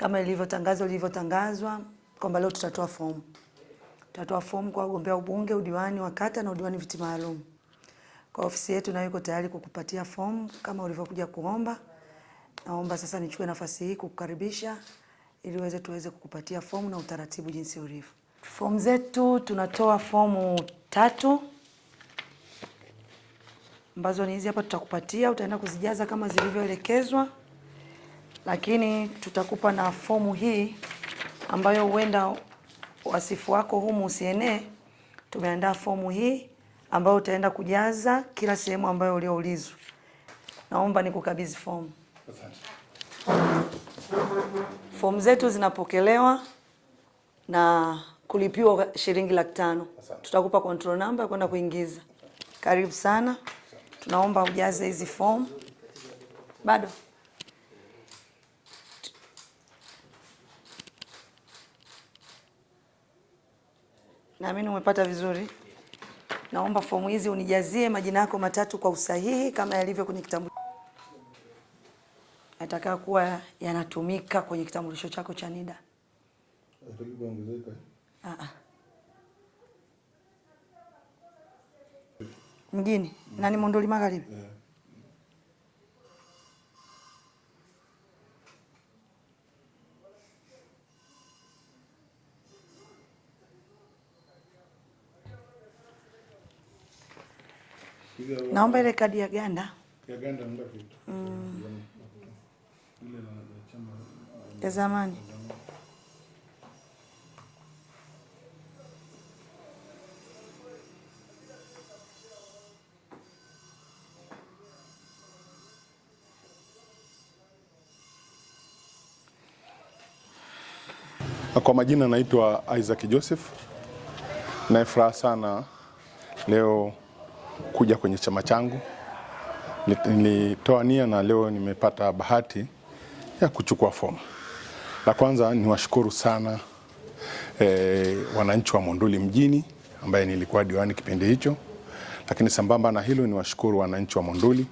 kama ilivyotangazwa ilivyotangazwa kwamba leo tutatoa fomu, tutatoa fomu kwa wagombea ubunge, udiwani wa kata na udiwani viti maalum. Kwa ofisi yetu nayo iko tayari kukupatia fomu kama ulivyokuja kuomba. Naomba sasa nichukue nafasi hii kukukaribisha ili uweze tuweze kukupatia fomu na utaratibu jinsi ulivyo. Fomu zetu tunatoa fomu tatu ambazo ni hizi hapa, tutakupatia utaenda kuzijaza kama zilivyoelekezwa lakini tutakupa na fomu hii ambayo huenda wasifu wako humu usienee. Tumeandaa fomu hii ambayo utaenda kujaza kila sehemu ambayo ulioulizwa. Naomba nikukabidhi fomu. Fomu zetu zinapokelewa na kulipiwa shilingi laki tano. Tutakupa control number kwenda kuingiza. Karibu sana, tunaomba ujaze hizi fomu bado Naamini umepata vizuri. Naomba fomu hizi unijazie majina yako matatu kwa usahihi kama yalivyo kwenye kitambulisho. Nataka kuwa yanatumika kwenye kitambulisho chako cha NIDA. Mjini mm. nani Monduli Magharibi? Naomba ile kadi ya ganda ya mm. zamani. Kwa majina naitwa Isaac Joseph, naye furaha sana leo kuja kwenye chama changu. Nilitoa nia na leo nimepata bahati ya kuchukua fomu. La kwanza ni washukuru sana e, wananchi wa Monduli mjini ambaye nilikuwa diwani kipindi hicho, lakini sambamba na hilo ni washukuru wananchi wa Monduli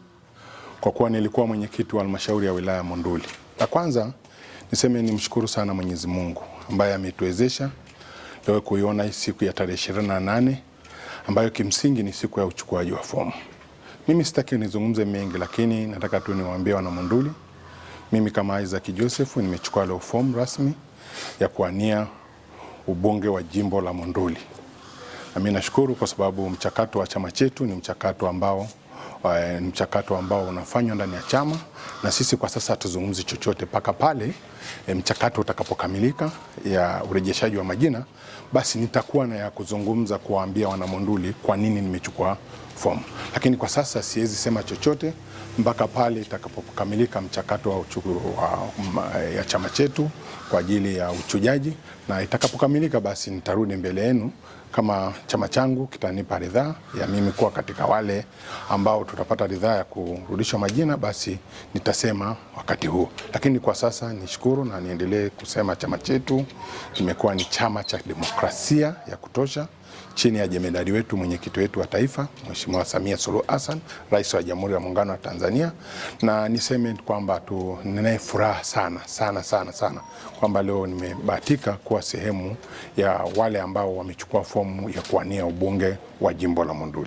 kwa kuwa nilikuwa mwenyekiti wa halmashauri ya wilaya Monduli. La kwanza niseme nimshukuru sana Mwenyezi Mungu ambaye ametuwezesha leo kuiona siku ya tarehe 28 ambayo kimsingi ni siku ya uchukuaji wa fomu. Mimi sitaki nizungumze mengi, lakini nataka tu niwaambie wana Monduli, mimi kama Isaac Joseph nimechukua leo fomu rasmi ya kuania ubunge wa jimbo la Monduli. Mimi nashukuru kwa sababu mchakato wa chama chetu ni mchakato ambao eh, ni mchakato ambao unafanywa ndani ya chama, na sisi kwa sasa hatuzungumzi chochote mpaka pale eh, mchakato utakapokamilika ya urejeshaji wa majina basi nitakuwa na ya kuzungumza kuwaambia wanamonduli kwa nini nimechukua fomu, lakini kwa sasa siwezi sema chochote mpaka pale itakapokamilika mchakato wa uchuku, wa, mm, ya chama chetu kwa ajili ya uchujaji, na itakapokamilika basi nitarudi mbele yenu kama chama changu kitanipa ridhaa ya mimi kuwa katika wale ambao tutapata ridhaa ya kurudishwa majina, basi nitasema wakati huo. Lakini kwa sasa nishukuru na niendelee kusema chama chetu kimekuwa ni chama cha demokrasia ya kutosha chini ya jemedari wetu mwenyekiti wetu wa taifa Mheshimiwa Samia Suluhu Hassan, rais wa Jamhuri ya Muungano wa Tanzania, na niseme kwamba tunaye furaha sana sana sana sana kwamba leo nimebahatika kuwa sehemu ya wale ambao wamechukua fomu ya kuwania ubunge wa jimbo la Monduli.